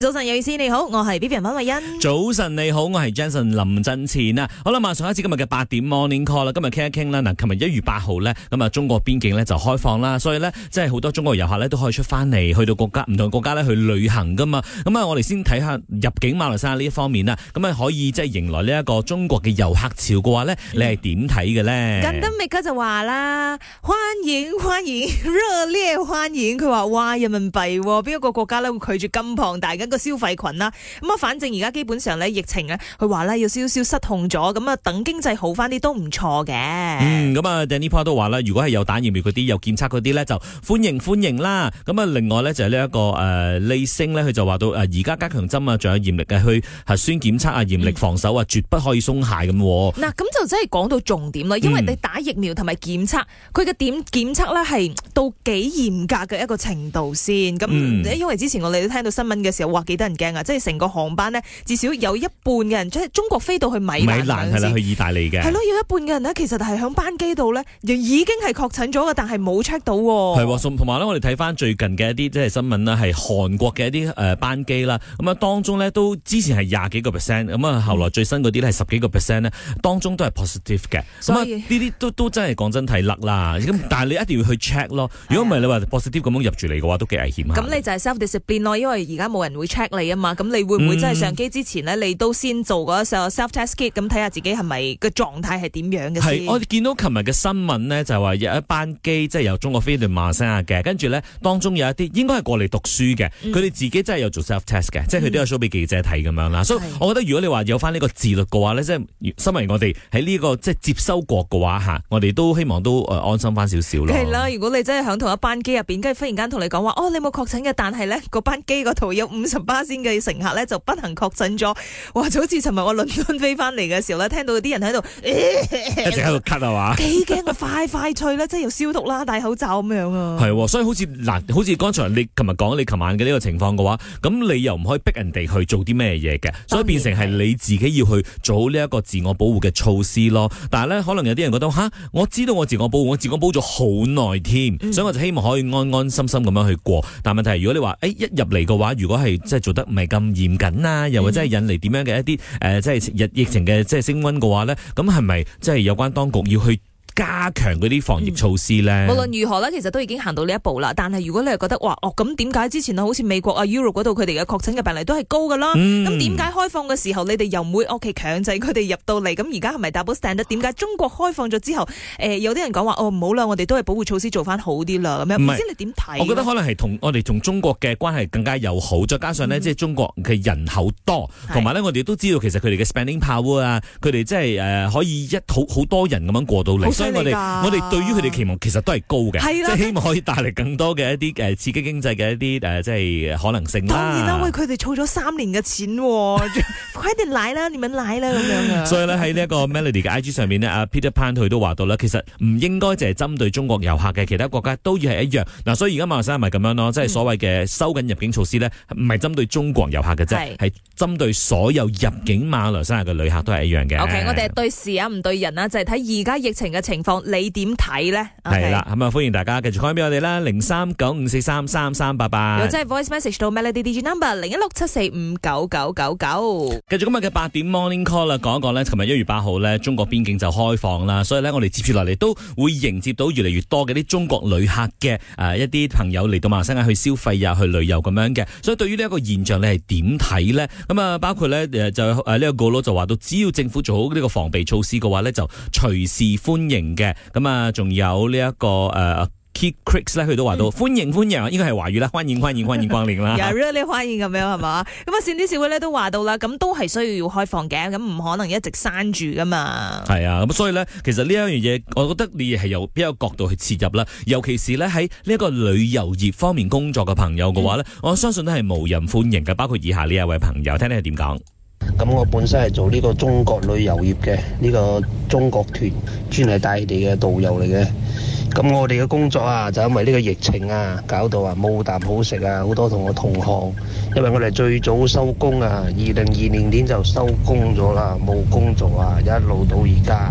早晨，有意思，你好，我係 Vivian 潘慧欣。早晨你好，我係 Jensen 林振前啊。好啦，馬上開始今日嘅八點 Morning Call 啦。今日傾一傾啦。嗱，琴日一月八號呢，咁啊，中國邊境呢就開放啦，所以呢，即係好多中國遊客呢都可以出翻嚟，去到國家唔同國家呢去旅行噶嘛。咁啊，我哋先睇下入境馬來西亞呢方面啦。咁啊，可以即係迎來呢一個中國嘅遊客潮嘅話呢，你係點睇嘅呢？咁 m 美 c 就話啦，歡迎歡迎，熱烈歡迎。佢話哇，人民幣邊一個國家呢會拒絕咁龐大個消費群啦，咁啊，反正而家基本上咧，疫情咧，佢話咧要少少失控咗，咁啊，等經濟好翻啲都唔錯嘅。嗯，咁啊，Danny Paul 都話啦，如果係有打疫苗嗰啲，有檢測嗰啲咧，就歡迎歡迎啦。咁啊，另外咧就係呢一個誒，利星咧，佢就話到誒，而家加強針啊，仲有嚴厲嘅去核酸檢測啊，嚴厲防守啊、嗯，絕不可以鬆懈咁。嗱、啊，咁就真係講到重點啦，因為你打疫苗同埋檢測，佢嘅點檢測咧係到幾嚴格嘅一個程度先。咁、嗯，因為之前我哋都聽到新聞嘅時候。話幾得人驚啊！即係成個航班呢，至少有一半嘅人，即係中國飛到去米蘭，係啦，去意大利嘅，係咯，有一半嘅人呢，其實係響班機度呢，已經係確診咗嘅，但係冇 check 到哦。係，同埋咧，我哋睇翻最近嘅一啲即係新聞啦，係韓國嘅一啲誒班機啦，咁啊當中呢，都之前係廿幾個 percent，咁啊後來最新嗰啲咧係十幾個 percent 咧，當中都係 positive 嘅。所以，呢啲都都真係講真睇甩啦。咁但係你一定要去 check 咯。如果唔係你話 positive 咁樣入住嚟嘅話，都幾危險啊。咁你就係 self discipline 咯，因為而家冇人會。check 你啊嘛，咁你會唔會真係上機之前呢？你都先做嗰一 s e self test kit，咁睇下自己係咪個狀態係點樣嘅先？係，我見到琴日嘅新聞呢，就話、是、有一班機即係由中國飛到馬來西亞嘅，跟住呢，當中有一啲應該係過嚟讀書嘅，佢、嗯、哋自己真係有做 self test 嘅、嗯，即係佢都有 show 俾記者睇咁樣啦。所以我覺得如果你說有回這話有翻呢個自律嘅話呢，即係身為我哋喺呢個即係、就是、接收國嘅話吓，我哋都希望都安心翻少少咯。係啦，如果你真係響同一班機入邊，跟住忽然間同你講話，哦，你冇確診嘅，但係呢個班機嗰度有五巴仙嘅乘客咧就不幸確診咗，哇！就好似尋日我倫敦飛翻嚟嘅時候咧，聽到啲人喺度、欸、一直喺度咳啊話幾驚啊！快快脆咧，即 係要消毒啦，戴口罩咁樣啊。係、哦，所以好似嗱，好似剛才你尋日講你琴晚嘅呢個情況嘅話，咁你又唔可以逼人哋去做啲咩嘢嘅，所以變成係你自己要去做好呢一個自我保護嘅措施咯。但係咧，可能有啲人覺得吓，我知道我自我保護，我自我保護咗好耐添，所以我就希望可以安安心心咁樣去過。但問題係，如果你話誒、欸、一入嚟嘅話，如果係即係做得唔係咁嚴謹呀，又或者係引嚟點樣嘅一啲誒，即係疫情嘅即係升溫嘅話咧，咁係咪即係有關當局要去加強嗰啲防疫措施咧、嗯，無論如何咧，其實都已經行到呢一步啦。但係如果你係覺得，哇，哦咁點解之前好似美國啊、Europe 嗰度佢哋嘅確診嘅病例都係高㗎啦？咁點解開放嘅時候你哋又唔會屋企強制佢哋入到嚟？咁而家係咪 double stand？點解中國開放咗之後，誒、呃、有啲人講話，哦唔好啦，我哋都係保護措施做返好啲啦？咁樣唔知你點睇？我覺得可能係同我哋同中國嘅關係更加友好，再加上呢，即、嗯、係、就是、中國嘅人口多，同埋呢，我哋都知道其實佢哋嘅 spending power 啊，佢哋即係誒可以一好好多人咁樣過到嚟。我哋我哋對於佢哋期望其實都係高嘅，即係希望可以帶嚟更多嘅一啲誒刺激經濟嘅一啲誒即係可能性啦。當然啦，因為佢哋儲咗三年嘅錢，快啲奶啦，你咪奶啦，咁樣，所以咧，喺呢一個 Melody 嘅 IG 上面咧 ，Peter Pan 佢都話到咧，其實唔應該淨係針對中國遊客嘅，其他國家都要係一樣。嗱，所以而家馬來西亞咪咁樣咯，即係所謂嘅收緊入境措施咧，唔係針對中國遊客嘅啫，係，嗯，針對所有入境馬來西亞嘅旅客都係一樣嘅。O.K.，我哋對事啊，唔對人啊，就係睇而家疫情嘅情況。情況，你點睇呢？係、okay. 啦，咁啊歡迎大家繼續開俾我哋啦，零三九五四三三三八八，又即係 voice message 到 melody DJ number 零一六七四五九九九九。繼續今日講講講 日嘅八點 morning call 啦，講一講呢。琴日一月八號呢，中國邊境就開放啦，所以呢，我哋接住落嚟都會迎接到越嚟越多嘅啲中國旅客嘅誒一啲朋友嚟到馬來西亞去消費啊，去旅遊咁樣嘅。所以對於呢一個現象，你係點睇呢？咁啊，包括咧就呢、這個顧老就話到，只要政府做好呢個防備措施嘅話呢就隨時歡迎。嘅咁啊，仲有呢一個誒，Key Cricks 呢，佢都話到歡迎歡迎，應該係華語啦，歡迎歡迎歡迎光臨啦， 有熱烈歡迎咁 樣係嘛？咁啊，善啲社會咧都話到啦，咁都係需要要開放嘅，咁唔可能一直閂住噶嘛。係啊，咁所以咧，其實呢一樣嘢，我覺得你係由邊個角度去切入啦，尤其是咧喺呢一個旅遊業方面工作嘅朋友嘅話咧，嗯、我相信都係無人歡迎嘅。包括以下呢一位朋友，聽你係點講。咁我本身係做呢個中國旅遊業嘅，呢個中國團專係帶你哋嘅導遊嚟嘅。咁我哋嘅工作啊，就因為呢個疫情啊，搞到啊冇啖好食啊，好多同我同行，因為我哋最早收工啊，二零二零年就收工咗啦，冇工作啊，一路到而家。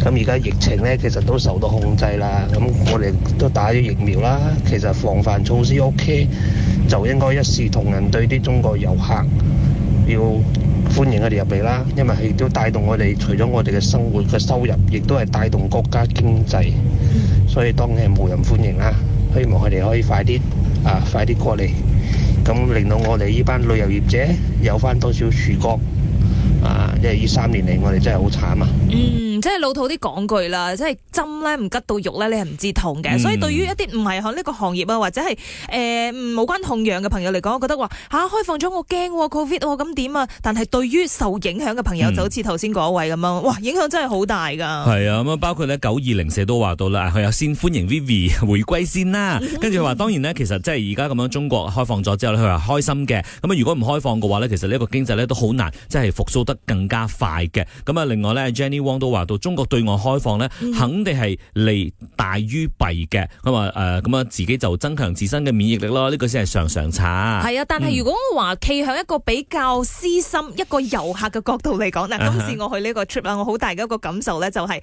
咁而家疫情咧，其實都受到控制啦。咁我哋都打咗疫苗啦，其實防範措施 OK，就應該一視同仁對啲中國遊客要。歡迎佢哋入嚟啦，因為佢都帶動我哋，除咗我哋嘅生活嘅收入，亦都係帶動國家經濟。所以當然係冇人歡迎啦。希望佢哋可以快啲啊，快啲過嚟，咁令到我哋呢班旅遊業者有翻多少曙光啊！因為呢三年嚟，我哋真係好慘啊！嗯即係老土啲講句啦，即係針咧唔拮到肉咧，你係唔知痛嘅。所以對於一啲唔係喺呢個行業啊，或者係誒冇關痛癢嘅朋友嚟講，我覺得話吓、啊，開放咗我驚，個 COVID 咁點啊？但係對於受影響嘅朋友，嗯、就好似頭先嗰位咁啊，哇！影響真係好大㗎。係啊，咁啊，包括呢九二零四都話到啦，佢有先歡迎 Vivi 回歸先啦。跟住話當然呢，其實即係而家咁樣中國開放咗之後咧，佢話開心嘅。咁啊，如果唔開放嘅話呢，其實呢一個經濟咧都好難，即係復甦得更加快嘅。咁啊，另外呢 Jenny Wong 都話。中國對外開放咧，肯定係利大於弊嘅。咁、嗯、啊，誒，咁啊，自己就增強自身嘅免疫力啦。呢、這個先係常常差。係啊，但係如果我話企向一個比較私心、嗯、一個遊客嘅角度嚟講，嗱，今次我去呢個 trip 啦，我好大嘅一個感受咧、就是，就係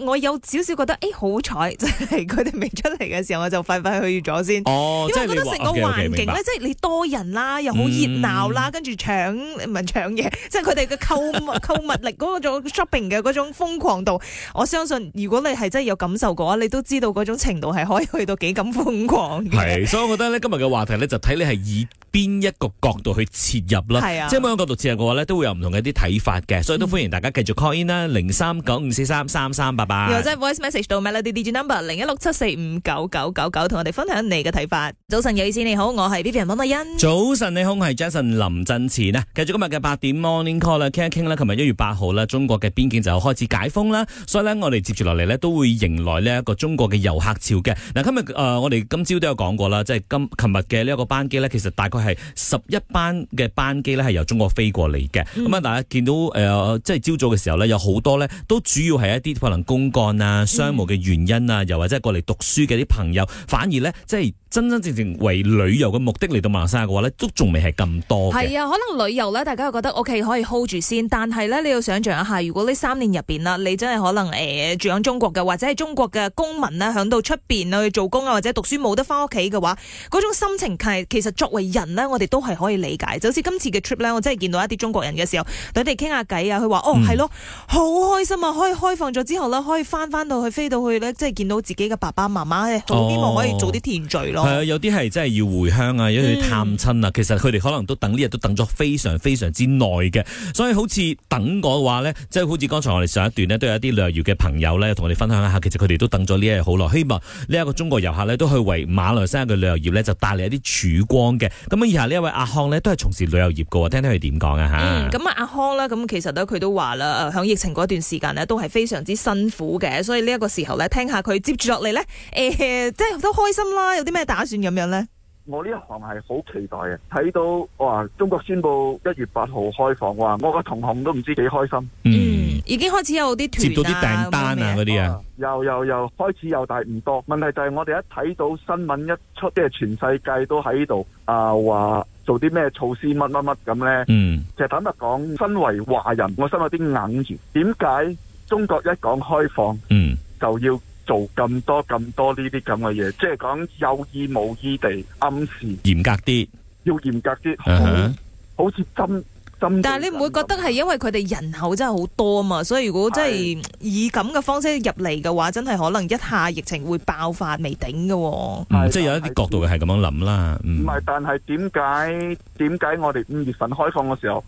誒，我有少少覺得，誒、欸，好彩，即係佢哋未出嚟嘅時候，我就快快去咗先、哦。因為覺得成個環境咧、okay, okay,，即係你多人啦，又好熱鬧啦，跟、嗯、住搶唔係搶嘢，即係佢哋嘅購物 購物力嗰種 shopping 嘅嗰種風格。瘋狂度我相信，如果你係真係有感受嘅話，你都知道嗰種程度係可以去到幾咁瘋狂嘅。係，所以我覺得咧今日嘅話題咧就睇你係以邊一個角度去切入啦？啊、即係每個角度切入嘅話咧，都會有唔同嘅一啲睇法嘅，所以都歡迎大家繼續 call in 啦，零三九五四三三三八八，又或者 voice message 到 Melody Digital number 零一六七四五九九九九，同我哋分享你嘅睇法。早晨，有意思，你好，我係 Vivian 蒙麥欣。早晨，你好，我係 Jason 林振前啊！繼續今日嘅八點 morning call 啦，傾一傾啦，琴日一月八號啦，中國嘅邊境就開始解封啦，所以咧，我哋接住落嚟咧都會迎來呢一個中國嘅遊客潮嘅。嗱，今日誒、呃，我哋今朝都有講過啦，即係今琴日嘅呢一個班機咧，其實大概。係十一班嘅班機咧，係由中國飛過嚟嘅。咁啊，大家見到誒、呃，即係朝早嘅時候咧，有好多咧，都主要係一啲可能公幹啊、商務嘅原因啊，嗯、又或者過嚟讀書嘅啲朋友，反而咧，即係。真真正正為旅遊嘅目的嚟到馬沙嘅話咧，都仲未係咁多的。係啊，可能旅遊咧，大家覺得 O K 可以 hold 住先。但係咧，你要想象一下，如果呢三年入邊啦，你真係可能誒、呃、住響中國嘅，或者係中國嘅公民咧，響到出邊去做工啊，或者讀書冇得翻屋企嘅話，嗰種心情係其實作為人咧，我哋都係可以理解。就好似今次嘅 trip 咧，我真係見到一啲中國人嘅時候，佢哋傾下偈啊，佢話哦，係咯，好、嗯、開心啊，可以開放咗之後咧，可以翻翻到去飛到去咧，即係見到自己嘅爸爸媽媽好希望可以早啲團聚係、嗯、啊，有啲係真係要回鄉啊，要去探親啊、嗯。其實佢哋可能都等呢日都等咗非常非常之耐嘅，所以好似等嘅話呢，即、就、係、是、好似剛才我哋上一段呢，都有一啲旅遊業嘅朋友呢，同我哋分享一下。其實佢哋都等咗呢日好耐。希望呢一個中國遊客呢，都去為馬來西亞嘅旅遊業呢，就帶嚟一啲曙光嘅。咁以下呢一位阿康呢，都係從事旅遊業嘅喎，聽聽佢點講啊嗯，咁阿康呢，咁其實佢都話啦，喺疫情嗰段時間呢，都係非常之辛苦嘅。所以呢一個時候呢，聽下佢接住落嚟呢，呃、即係都開心啦，有啲咩？打算咁樣呢？我呢一行係好期待嘅，睇到哇！中國宣布一月八號開放，話我個同行都唔知幾開心嗯。嗯，已經開始有啲、團、接到啲訂單啊，啲啊，啊，又又又開始又大唔多。問題就係我哋一睇到新聞一出，即係全世界都喺度啊，話做啲咩措施，乜乜乜咁呢。嗯，其實坦白講，身為華人，我心有啲硬住。點解中國一講開放，嗯，就要？做咁多咁多呢啲咁嘅嘢，即係講有意冇意地暗示，嚴格啲，要嚴格啲，uh-huh. 好似針針。但係你唔會覺得係因為佢哋人口真係好多嘛？所以如果真係以咁嘅方式入嚟嘅話，真係可能一下疫情會爆發未頂嘅。嗯，即係有一啲角度係咁樣諗啦。唔係、嗯，但係點解點解我哋五月份開放嘅時候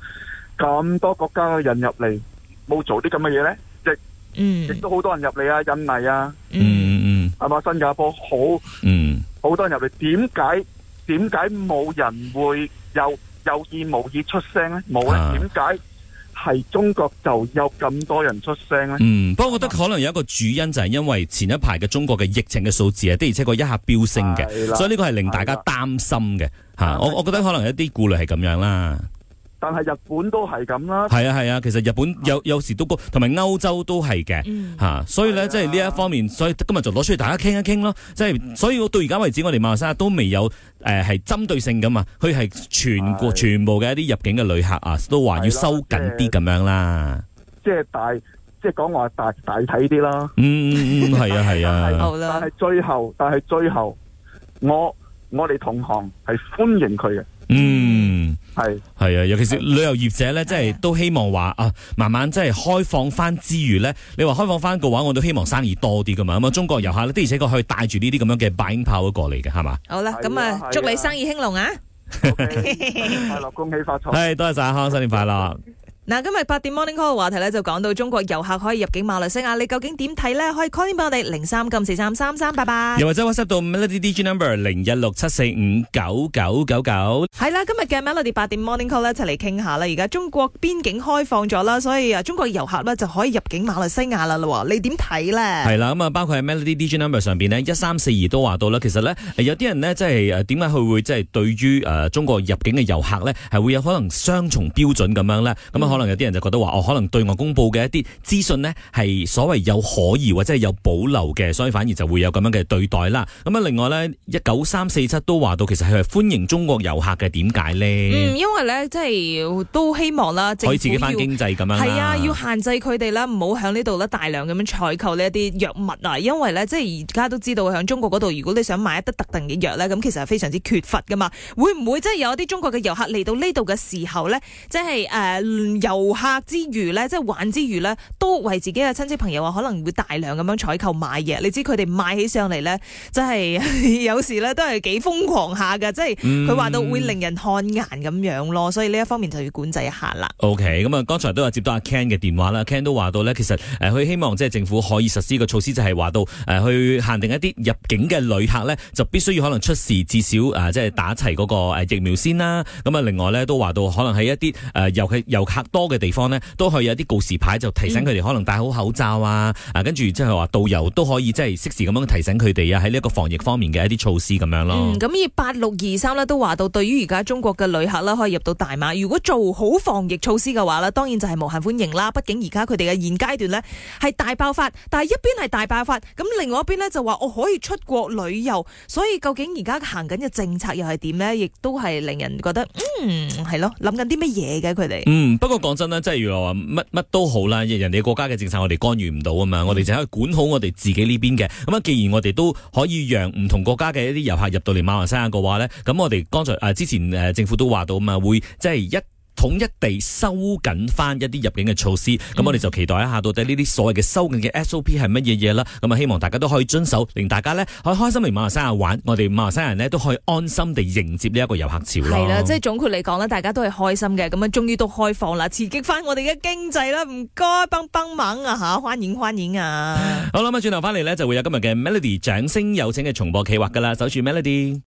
咁多國家嘅人入嚟冇做啲咁嘅嘢呢？嗯，亦都好多人入嚟啊，印尼啊，嗯嗯嗯，係嘛，新加坡好，嗯，好多人入嚟，點解點解冇人會有有意無意出聲呢？冇咧，點解係中國就有咁多人出聲呢？嗯，不過我覺得可能有一個主因就係因為前一排嘅中國嘅疫情嘅數字啊，的而且確一下飆升嘅，所以呢個係令大家擔心嘅吓。我我覺得可能有一啲顧慮係咁樣啦。但係日本都係咁啦，係啊係啊，其實日本有有時都同埋歐洲都係嘅，吓、嗯啊，所以咧、啊、即係呢一方面，所以今日就攞出嚟大家傾一傾咯、嗯。即係所以我到而家為止，我哋馬來西亞都未有誒係針對性咁啊，佢係全國全部嘅一啲入境嘅旅客啊，都話要收緊啲咁樣啦。即、就、係、是、大，即係講話大大體啲啦。嗯嗯嗯，係啊係啊，啊，啊，啊，啊，啊，啊。但係最後，但係最後，我我哋同行係歡迎佢嘅。嗯。係係啊，尤其是旅遊業者咧，即係都希望話啊，慢慢即係開放翻之餘咧，你話開放翻嘅話，我都希望生意多啲噶嘛。咁、嗯、啊，中國遊客咧，的而且確可以帶住呢啲咁樣嘅擺鷹炮都過嚟嘅，係嘛？好啦，咁啊，祝你生意興隆啊！ okay，新年快樂，恭喜發財！係， 多謝晒，康新年快樂。 嗱，今日八點 morning call 嘅話題咧，就講到中國遊客可以入境馬來西亞，你究竟點睇咧？可以 call in 我哋零三九四三三三，拜拜。又或者 WhatsApp 到 Melody DJ number 零一六七四五九九九九。係啦，今日嘅 Melody 八點 morning call 咧，一齊嚟傾下啦。而家中國邊境開放咗啦，所以啊，中國遊客咧就可以入境馬來西亞啦。你點睇咧？係啦，咁啊，包括喺 Melody DJ number 上面呢，一三四二都話到啦。其實咧，有啲人咧，即係誒點解佢會即係對於誒中國入境嘅遊客咧，係會有可能有雙重標準咁樣咧？咁、嗯可能有啲人就覺得話哦，可能對外公佈嘅一啲資訊呢，係所謂有可疑或者係有保留嘅，所以反而就會有咁樣嘅對待啦。咁啊，另外呢，一九三四七都話到其實係歡迎中國遊客嘅，點解呢？嗯，因為呢，即係都希望啦，可以自己翻經濟咁樣。係啊，要限制佢哋啦，唔好響呢度大量咁樣採購呢一啲藥物啊，因為呢，即係而家都知道響中國嗰度，如果你想買一啲特定嘅藥呢，咁其實係非常之缺乏噶嘛。會唔會即係有啲中國嘅遊客嚟到呢度嘅時候呢，即係誒，呃遊客之餘呢，即係玩之餘呢，都為自己嘅親戚朋友啊，可能會大量咁樣採購買嘢。你知佢哋買起上嚟呢，真係有時呢都係幾瘋狂下嘅，即係佢話到會令人汗顏咁樣咯。所以呢一方面就要管制一下啦。OK，咁啊，剛才都有接到阿 Ken 嘅電話啦，Ken 都話到呢，其實佢希望即係政府可以實施個措施，就係話到去限定一啲入境嘅旅客呢，就必須要可能出示至少即係打齊嗰個疫苗先啦。咁啊，另外呢都話到可能係一啲誒遊遊客。多嘅地方呢，都可以有啲告示牌就提醒佢哋可能戴好口罩，嗯、啊，啊跟住即係話導遊都可以即係適時咁樣提醒佢哋啊，喺呢個防疫方面嘅一啲措施咁樣咯。咁、嗯、而八六二三呢，都話到，對於而家中國嘅旅客啦，可以入到大馬，如果做好防疫措施嘅話呢，當然就係無限歡迎啦。畢竟而家佢哋嘅現階段呢係大爆發，但係一邊係大爆發，咁另外一邊呢，就話我可以出國旅遊，所以究竟而家行緊嘅政策又係點呢？亦都係令人覺得嗯係咯，諗緊啲乜嘢嘅佢哋。嗯，不過。講真啦，即係原來話乜乜都好啦，人哋國家嘅政策我哋干預唔到啊嘛，我哋淨係管好我哋自己呢邊嘅。咁啊，既然我哋都可以讓唔同國家嘅一啲遊客入到嚟馬來西亞嘅話咧，咁我哋剛才誒、啊、之前誒政府都話到啊嘛，會即係一。統一地收緊翻一啲入境嘅措施，咁、嗯、我哋就期待一下，到底謂呢啲所謂嘅收緊嘅 SOP 係乜嘢嘢啦？咁啊，希望大家都可以遵守，令大家呢可以開心嚟馬來西亞玩，我哋馬來西亞人呢都可以安心地迎接呢一個遊客潮咯。係啦，即係總括嚟講呢，大家都係開心嘅，咁啊，終於都開放啦，刺激翻我哋嘅經濟啦，唔該，幫幫忙啊吓，歡迎歡迎啊！好啦，咁啊，轉頭翻嚟呢，就會有今日嘅 Melody 掌聲，有請嘅重播企劃噶啦，守住 Melody。